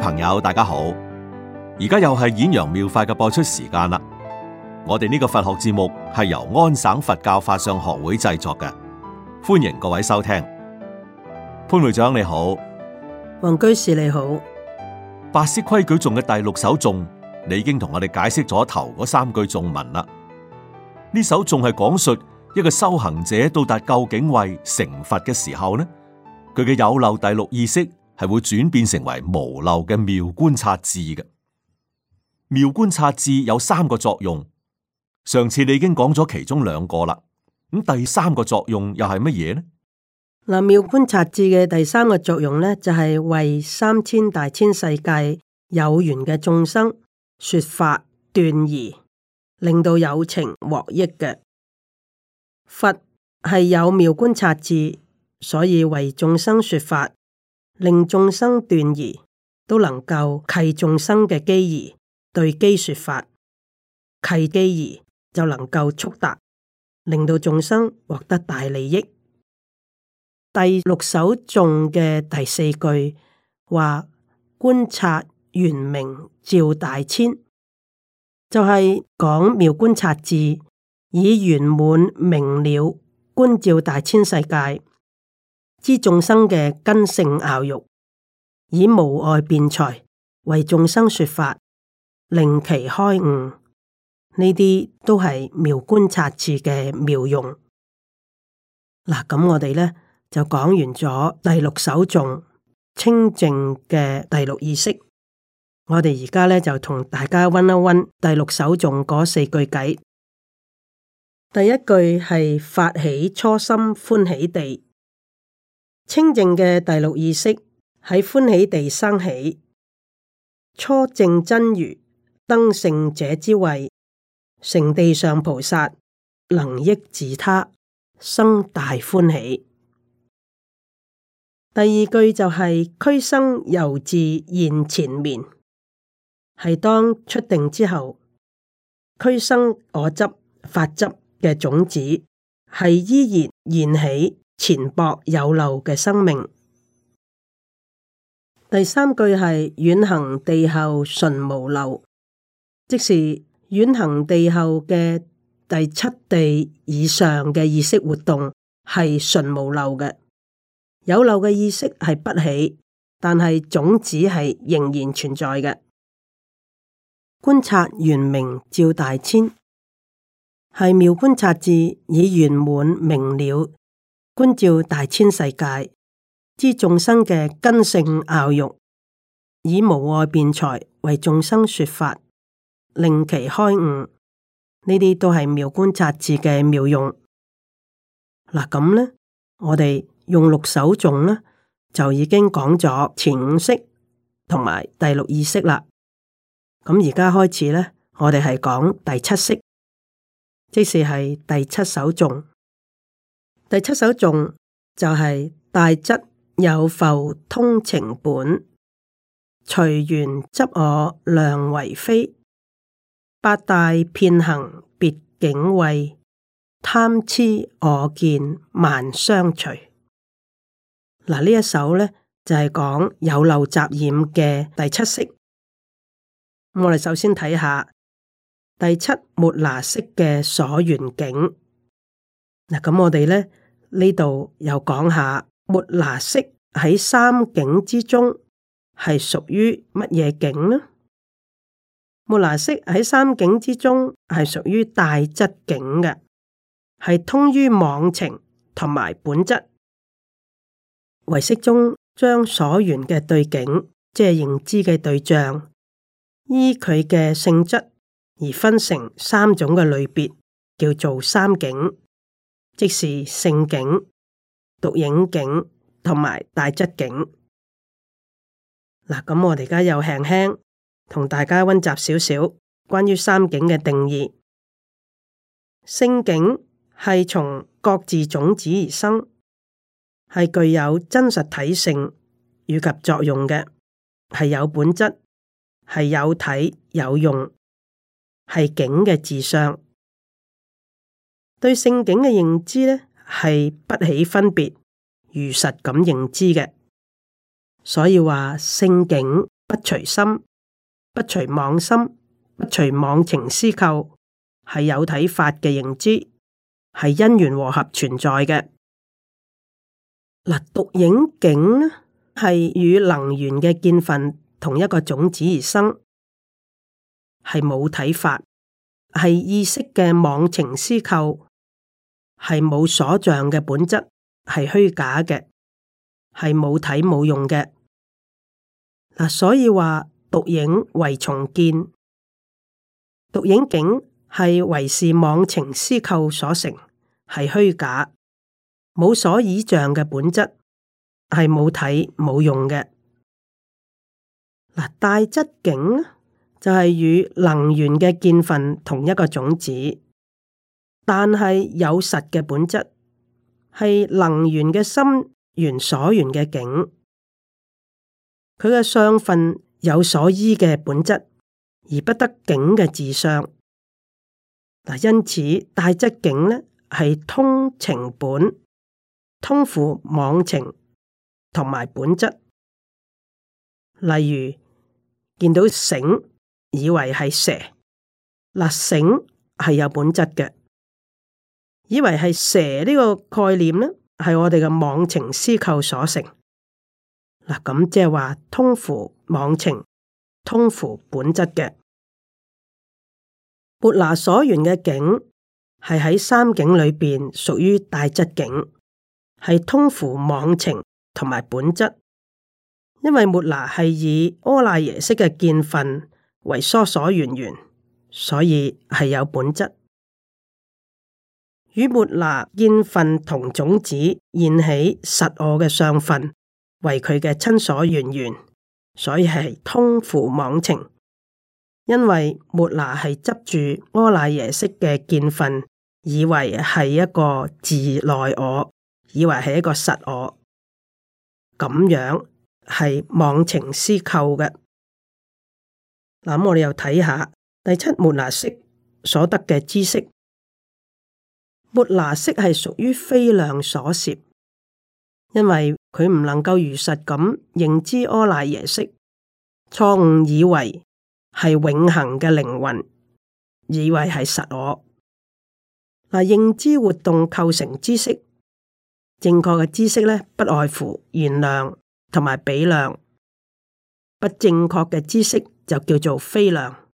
朋友，大家好！而家又係《演揚妙，妙法》嘅播出時間啦。我哋呢個佛學節目係由安省佛教法相學會製作嘅，歡迎各位收聽。潘會長你好，黃居士你好。《八識規矩頌》嘅第六首頌，你已經同我哋解釋咗頭嗰三句頌文啦。呢首頌係講述一個修行者到達究竟位成佛嘅時候呢，佢嘅有漏第六意識係會轉變成為無漏嘅妙觀察智嘅。妙觀察智有三個作用，上次你已經講咗其中兩個啦，咁第三個作用又係乜嘢呢？嗱，妙觀察智嘅第三個作用咧，就係為三千大千世界有緣嘅眾生說法斷疑，令到有情獲益嘅。佛係有妙觀察智，所以為眾生說法。令眾生斷疑都能夠契眾生嘅機宜，對機說法，契機宜就能夠速達，令到眾生獲得大利益。第六首頌嘅第四句話：觀察圓明照大千，就係、是、講妙觀察智以圓滿明了觀照大千世界。知眾生嘅根性拗肉，以無礙辯才為眾生說法，令其開悟。呢啲都係妙觀察智嘅妙用。嗱，咁我哋咧就講完咗第六首頌清淨嘅第六意識。我哋而家咧就同大家溫一溫第六首頌嗰四句偈。第一句係發起初心歡喜地。清淨嘅第六意識喺歡喜地生起，初證真如，登聖者之位，成地上菩薩，能益自他，生大歡喜。第二句就係、是、俱生猶自現纏眠，係當出定之後，俱生我執、法執嘅種子係依然現起。前薄有漏嘅生命，第三句係遠行地後純無漏，即是遠行地後嘅第七地以上嘅意識活動係純無漏嘅。有漏嘅意識係不起，但係種子係仍然存在嘅。觀察圓明照大千，係妙觀察智，已圓滿明了。觀照大千世界之眾生嘅根性拗欲，以無礙辯才為眾生說法，令其開悟。呢啲都係妙觀察智嘅妙用。嗱咁呢，我哋用六首頌呢，就已經講咗前五識同埋第六意識啦。咁而家開始呢，我哋係講第七識，即是係第七首頌。第七首頌就係、是、帶質有覆通情本，隨緣執我量為非。八大遍行別境慧，貪痴我見慢相隨。嗱呢一首咧就係、是、講有漏雜染嘅第七識。我哋首先睇下第七末那識嘅所緣境。嗱咁我哋咧。呢度又講下，末那識喺三境之中係屬於乜嘢境呢？末那識喺三境之中係屬於帶質境嘅，係通於妄情同埋本質。唯識中將所緣嘅對境，即係認知嘅對象，依佢嘅性質而分成三種嘅類別，叫做三境。即是性境、獨影境同埋帶質境。嗱，咁我哋而家又輕輕同大家溫習少少關於三境嘅定義。性境係從各自種子而生，係具有真實體性以及作用嘅，係有本質，係有體有用，係境嘅自相。對性境嘅認知咧，係不起分別，如實咁認知嘅。所以話性境不隨心，不隨妄心，不隨妄情思構，係有體法嘅認知，係因緣和合存在嘅。嗱，獨影境呢，係與能緣嘅見分同一個種子而生，係冇體法，係意識嘅妄情思構。係冇所象嘅本質，係虛假嘅，係冇睇冇用嘅。嗱，所以話獨影唯從見，獨影境係唯是妄情思構所成，係虛假，冇所依仗嘅本質係冇睇冇用嘅。嗱，帶質境就係與能緣嘅見分同一個種子。但係有實嘅本質，係能緣嘅心緣所緣嘅境，佢嘅相分有所依嘅本質，而不得境嘅自相。嗱，因此帶質境咧係通情本、通乎妄情同埋本質。例如見到繩，以為係蛇。嗱，繩係有本質嘅。以為係蛇呢個概念呢，係我哋嘅妄情思構所成。嗱，咁即係話通乎妄情，通乎本質嘅。末那所緣嘅境係喺三境裏邊，屬於大質境，係通乎妄情同埋本質。因為末那係以阿賴耶識嘅見分為疏所緣緣，所以係有本質。與末那見分同種子現起實我嘅相分，為佢嘅親所緣緣，所以係通乎妄情。因為末那係執住阿賴耶識嘅見分，以為係一個自內我，以為係一個實我，咁樣係妄情思構嘅。咁我哋又睇下第七末那識所得嘅知識。末那識係屬於非量所攝，因為佢唔能夠如實咁認知阿賴耶識，錯誤以為係永恒嘅靈魂，以為係實我。嗱，認知活動構成知識，正確嘅知識呢，不外乎現量同埋比量，不正確嘅知識就叫做非量。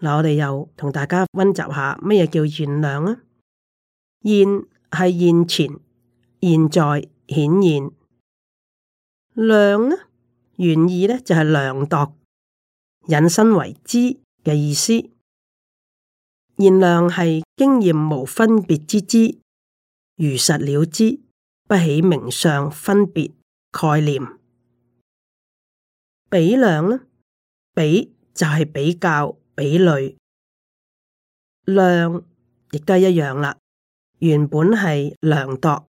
嗱，我哋又同大家溫習下乜嘢叫現量啊？現係現前，現在顯現。量呢，原意呢就係量度，引申為知嘅意思。現量係經驗無分別之知，如實了之，不起名相分別概念。比量呢，比就係比較、比率，量亦都一樣啦。原本係量度，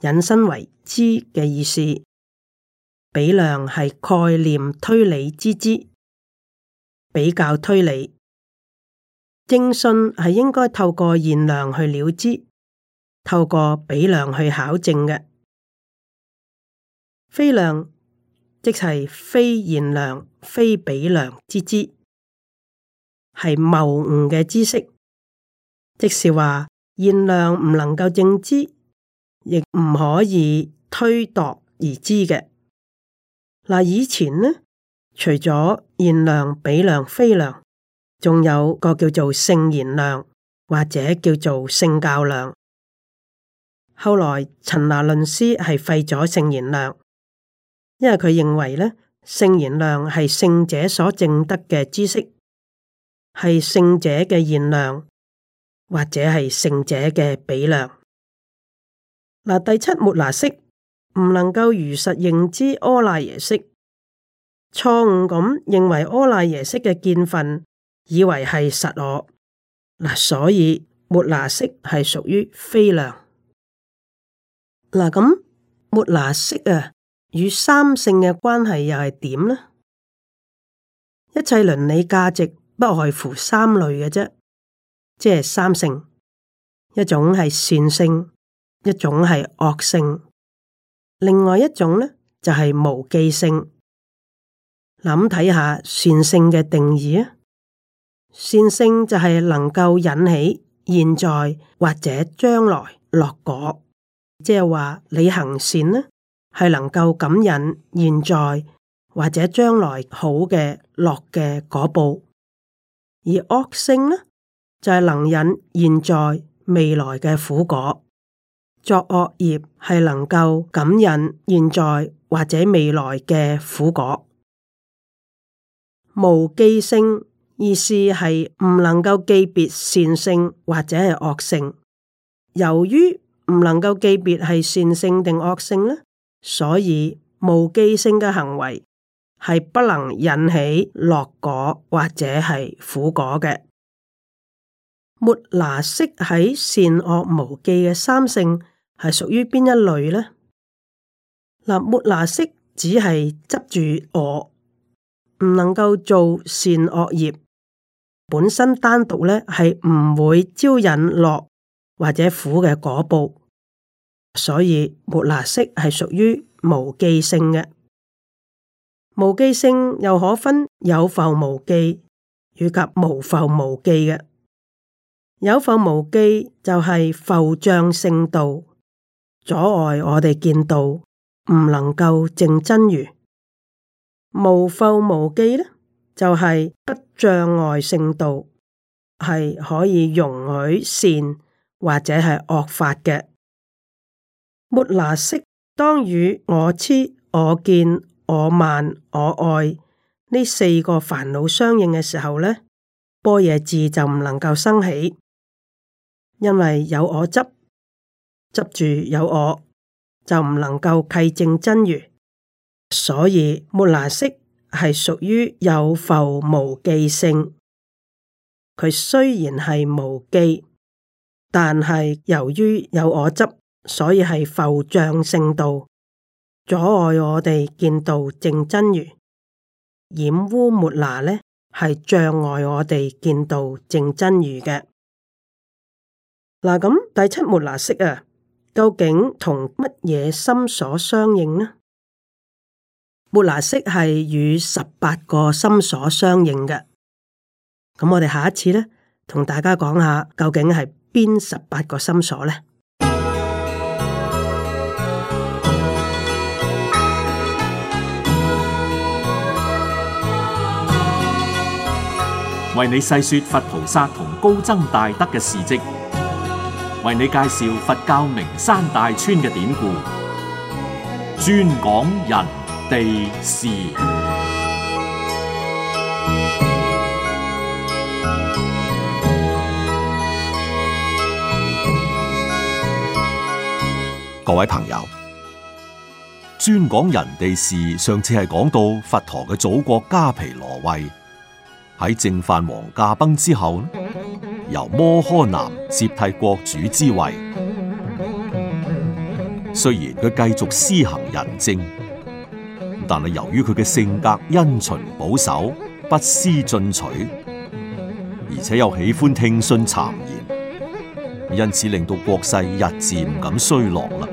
引申為知嘅意思。比量係概念推理之知。比較推理，正信係應該透過現量去了知，透過比量去考證嘅。非量即係非現量、非比量之知，係謬誤嘅知識，即是話。現量唔能夠正知，亦唔可以推度而知嘅。嗱，以前呢，除咗現量、比量、非量，仲有個叫做聖現量，或者叫做聖教量。後來陳那論師係廢咗聖現量，因為佢認為呢，聖現量係聖者所證得嘅知識，係聖者嘅現量。或者係聖者嘅比量。嗱，第七末那識唔能夠如實認知阿賴耶識，錯誤咁認為阿賴耶識嘅見分，以為係實我。嗱，所以末那識係屬於非量。嗱，咁末那識啊，與三性嘅關係又係點呢？一切倫理價值不外乎三類嘅啫。即係三性，一種係善性，一種係惡性，另外一種咧就係、是、無記性。嗱，睇下善性嘅定義啊，善性就係能夠引起現在或者將來落果，即係話你行善呢，係能夠感染現在或者將來好嘅落嘅果報，而惡性呢。就係能引現在未來嘅苦果，作惡業係能夠感引現在或者未來嘅苦果。無記性意思係唔能夠記別善性或者係惡性。由於唔能夠記別係善性定惡性呢，所以無記性嘅行為係不能引起樂果或者係苦果嘅。抹拿色喺善惡無忌嘅三性係屬於邊一類呢？嗱，沒拿色只係執住我，唔能夠做善惡業，本身單獨咧係唔會招引樂或者苦嘅果報，所以抹拿色係屬於無記性嘅。無記性又可分有浮無記以及無浮無記嘅。 有覆無記就係覆障聖道，阻礙我哋見道，唔能夠證真如。無覆無記呢就係不障礙聖道，係可以容許善或者係惡法嘅。末那識當與我癡、我見、我慢、我愛呢四個煩惱相應嘅時候呢，般若智就唔能夠生起。因為有我執執住有我，就唔能夠契正真如，所以末那識係屬於有覆無記性。佢雖然係無記，但係由於有我執，所以係覆障性道，阻礙我哋見到正真如。染污末那呢，係障礙我哋見到正真如嘅。嗱，咁第七末那識啊，究竟同乜嘢心所相應呢？末那識係與十八個心所相應嘅，咁我哋下一次呢，同大家講下究竟係邊十八個心所呢？為你細說佛菩薩同高僧大德嘅事跡。為你介紹佛教名山大川嘅典故，專講人地事。各位朋友，專講人地事，上次係講到佛陀嘅祖國迦毗羅衛，喺淨飯王駕崩之後。由摩訶男接替國主之位，雖然佢繼續施行仁政，但係由於佢嘅性格因循保守、不思進取，而且又喜歡聽信讒言，因此令到國勢日漸咁衰落啦。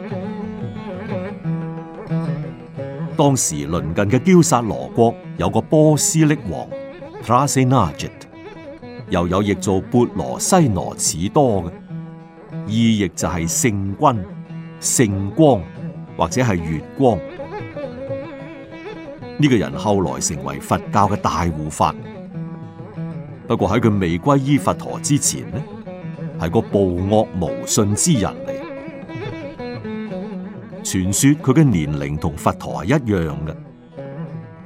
當時鄰近嘅憍薩羅國，有個波斯匿王又有譯做波羅西羅此多嘅，意譯就係、是、聖君、聖光或者係月光。呢、這個人後來成為佛教嘅大護法，不過喺佢未歸依佛陀之前呢，係個暴惡無信之人嚟。傳說佢嘅年齡同佛陀係一樣嘅，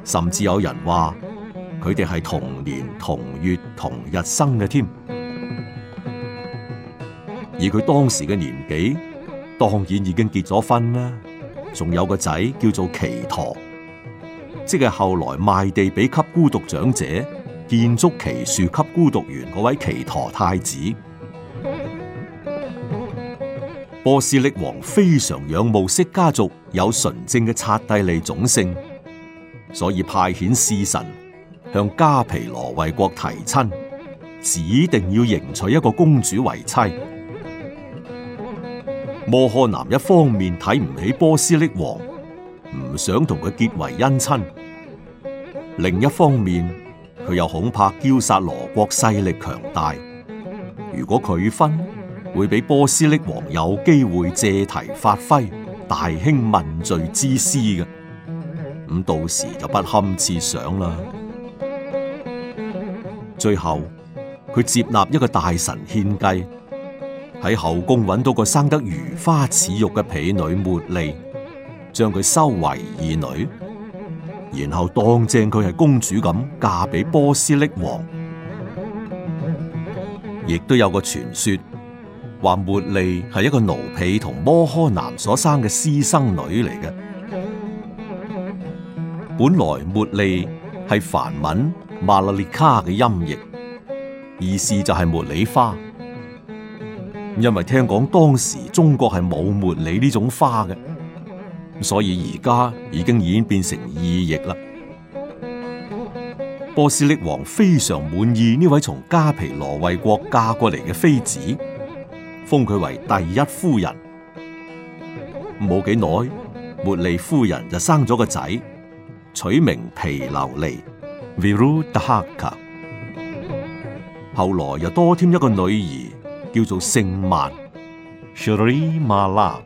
甚至有人話。佢哋係同年同月同日生嘅添，以佢當時嘅年紀當然已經結咗婚啦，仲有個仔叫做祇陀，即係後來賣地俾給孤獨長者，建築祇樹給孤獨園嗰位祇陀太子。波斯匿王非常仰慕釋迦族有純正嘅剎帝利種姓，所以派遣侍臣，向加皮羅衛國提親，指定要迎娶一個公主為妻。摩訶男一方面睇唔起波斯匿王，唔想同佢結為姻親；另一方面，佢又恐怕驕殺羅國勢力強大。如果佢分，會俾波斯匿王有機會借題發揮，大興問罪之師嘅。咁到時就不堪設想啦。最後，佢接納一個大臣獻計，喺後宮揾到個生得如花似玉嘅婢女茉莉，將佢收為義女，然後當正佢係公主咁嫁俾波斯匿王。亦都有個傳說話，茉莉係一個奴婢同摩訶男所生嘅私生女嚟嘅。本來茉莉係梵文，馬勒列卡嘅音譯，意思就係茉莉花。因為聽講當時中國係冇茉莉呢種花嘅，所以而家已經演變成意譯啦。波斯匿王非常滿意呢位從加皮羅衛國嫁過嚟嘅妃子，封佢為第一夫人。冇幾耐，茉莉夫人就生咗個仔，取名毗琉璃。後來又多添一個女兒，叫做聖曼 （Shri m a l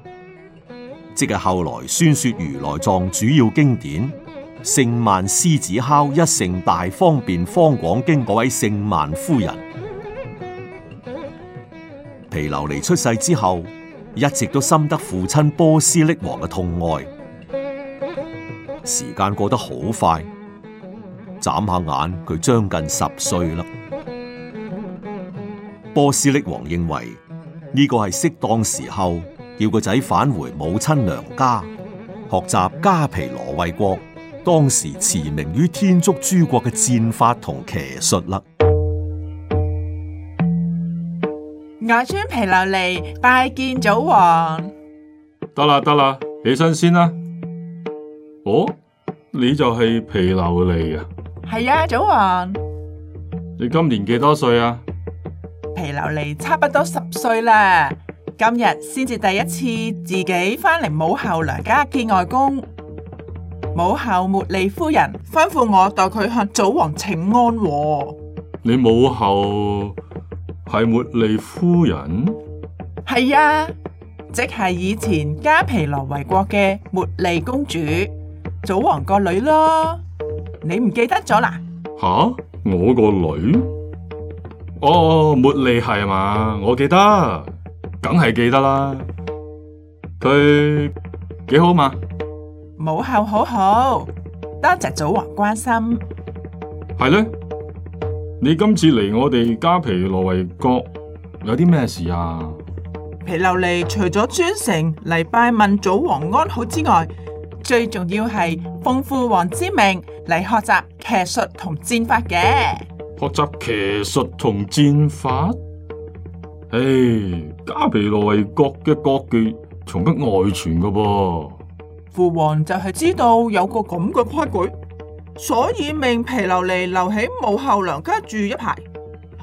即係後來宣說如來藏主要經典《聖曼獅子敲一乘大方便方廣經》嗰位聖曼夫人。皮流尼出世之後，一直都深得父親波斯匿王嘅痛愛。時間過得好快。眨下眼，佢將近十歲啦。波斯匿王認為呢個係適當時候，叫個仔返回母親娘家，學習迦毗羅衛國當時馳名於天竺諸國嘅戰法同騎術啦。外孫毗琉璃拜見祖王。得啦得啦，起身先啦。哦，你就係毗琉璃啊？係啊，祖王，你今年幾多歲啊？毗琉璃差不多十歲啦，今日先至第一次自己翻嚟母后娘家見外公。母后茉莉夫人吩咐我代佢向祖王請安和。你母后係茉莉夫人？係啊，即係以前迦毗羅衛國嘅茉莉公主，祖王個女咯。你唔記得咗啦？吓，我個女，哦，茉莉係嘛？我記得，梗係記得啦。佢幾好嘛？母后好好，多謝祖王關心。係咧，你今次嚟我哋迦毗羅衛國，有啲咩事啊？毗琉璃，除咗專程嚟拜問祖王安好之外，最重要係奉父王之命嚟學習騎術同戰法嘅，學習騎術同戰法。唉，迦毗羅衛國嘅國技從不外傳㗎噃。父王就係知道有個咁嘅規矩，所以命毗琉璃留喺母后娘家住一排，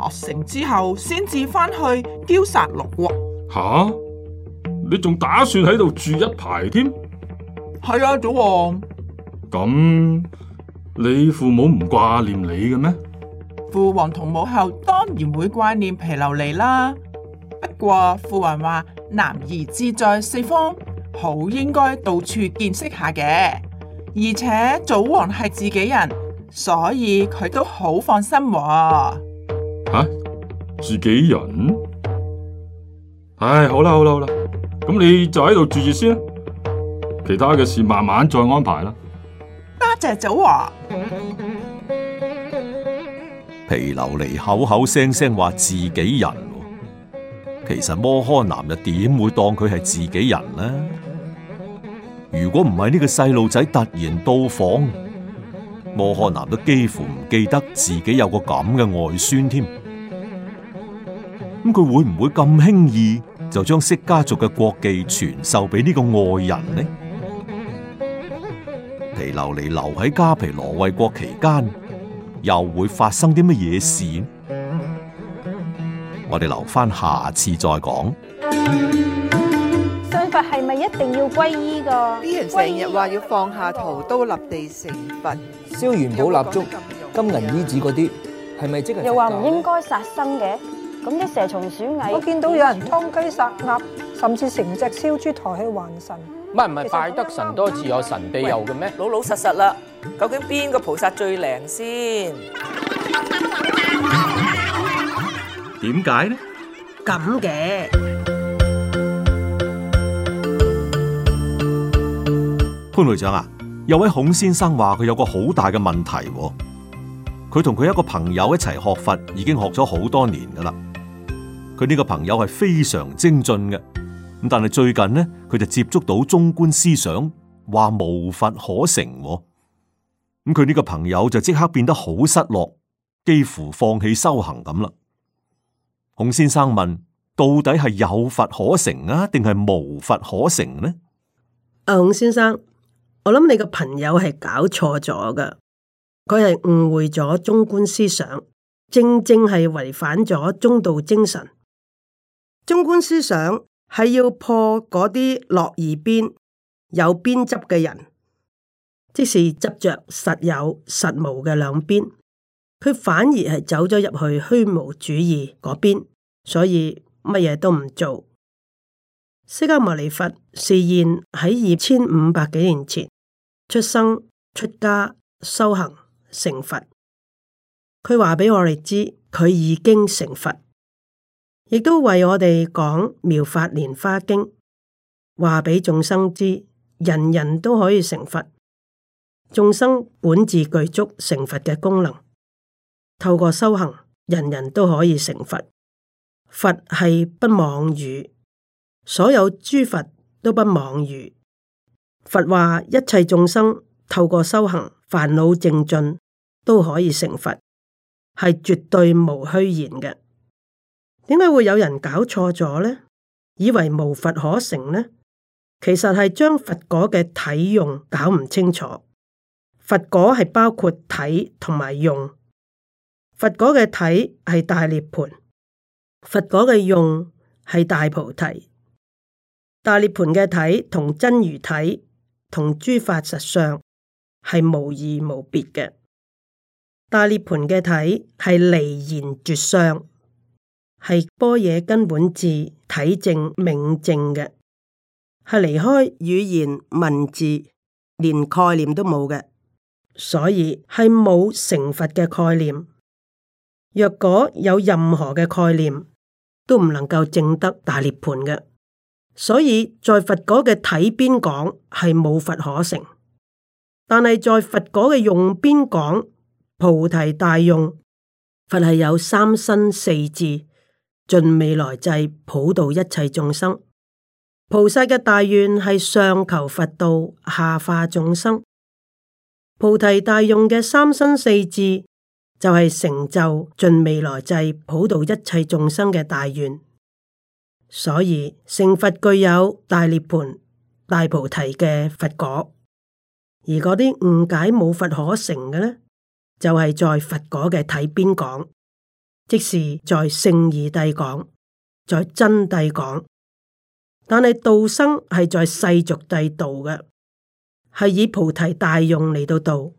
學成之後先至翻去憍薩羅國。吓，你仲打算喺度住一排添？係啊，祖王。咁你父母唔掛念你嘅咩？父王同母后當然會掛念毗琉璃啦。不過父王話，男兒志在四方，好應該到處見識下嘅。而且祖王係自己人，所以佢都好放心喎、啊。吓、啊，自己人？唉，好啦好啦好啦，咁你就喺度住住先、啊。其他嘅事慢慢再安排啦。多謝早華、啊，毗琉璃口口聲聲話自己人，其實摩訶男又點會當佢係自己人呢？如果唔係呢個細路仔突然到訪，摩訶男都幾乎唔記得自己有個咁嘅外孫添。咁佢會唔會咁輕易就將釋家族嘅國技傳授俾呢個外人呢？琉璃留喺迦毗羅衛國期間，又會發生啲乜嘢事？我哋留翻下，下次再講。信佛係咪一定要皈依㗎？啲人成日話要放下屠刀衣立地成佛，燒元寶蠟燭、有有金銀衣紙嗰啲，係咪、啊、即係？又話唔應該殺生嘅？咁啲、啊、蛇蟲鼠蟻，我見到有人劏雞殺鴨，甚至成隻燒豬抬去還神。唔係唔係，拜得神多自有神庇佑嘅咩？老老實實啦，究竟邊個菩薩最靈先？點解呢？咁嘅 潘會長啊，有位孔先生話佢有個好大嘅問題，佢同佢一個朋友一齊學佛，已經學咗好多年噶啦。佢呢個朋友係非常精進嘅。但係最近呢，佢就接觸到中觀思想，話無法可成喎。咁佢呢個朋友就即刻變得好失落，幾乎放棄修行，咁啦。洪先生問：到底係有法可成啊，定係無法可成呢？」啊，洪先生，我諗你個朋友係搞錯咗噶，佢係誤會咗中觀思想，正正係違反咗中道精神。中觀思想。係要破嗰啲落而邊有邊執嘅人，即是執着實有實無嘅兩邊，佢反而係走咗入去虛無主義嗰邊，所以乜嘢都唔做。釋迦牟尼佛示現喺二千五百幾年前出生、出家、修行成佛，佢話畀我哋知佢已經成佛。亦都為我哋講《妙法蓮花經》，話俾眾生知，人人都可以成佛。眾生本自具足成佛嘅功能，透過修行，人人都可以成佛。佛係不妄語，所有諸佛都不妄語。佛話一切眾生透過修行，煩惱淨盡都可以成佛，係絕對無虛言嘅。點解會有人搞錯咗呢？以為無佛可成呢？其實係將佛果嘅體用搞唔清楚。佛果係包括體同埋用。佛果嘅體係大涅盤佛果嘅用係大菩提。大涅盤嘅體同真如體同諸法實相係無異無別嘅。大涅盤嘅體係離言絕相。係般若根本智，體證冥證嘅，係離開語言文字，連概念都冇嘅，所以係冇成佛嘅概念。若果有任何嘅概念，都唔能夠證得大涅盤嘅。所以在佛果嘅體邊講係冇佛可成，但係在佛果嘅用邊講菩提大用，佛係有三身四智。盡未來際普渡一切眾生，菩薩嘅大願係上求佛道，下化眾生。菩提大用嘅三身四智就係成就盡未來際普渡一切眾生嘅大願。所以成佛具有大涅盤、大菩提嘅佛果，而嗰啲誤解冇佛可成嘅呢，就係在佛果嘅體邊講。即是在勝義諦講，在真諦講，但係道生係在世俗諦道嘅，係以菩提大用嚟到道，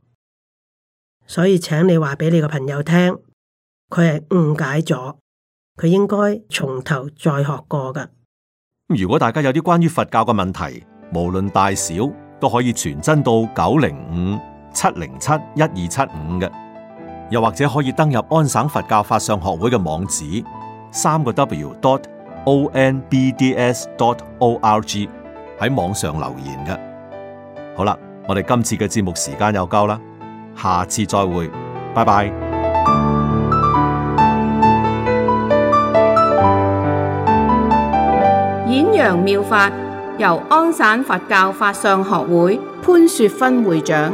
所以請你話俾你個朋友聽，佢係誤解咗，佢應該從頭再學過嘅。如果大家有啲關於佛教嘅問題，無論大小，都可以傳真到九零五七零七一二七五嘅。又或者可以登入安省佛教法相學會嘅網址，三個 W dot o n b d s dot o r g 喺網上留言嘅。好啦，我哋今次嘅節目時間又夠啦，下次再會，拜拜。演揚妙法由安省佛教法相學會潘雪芬會長。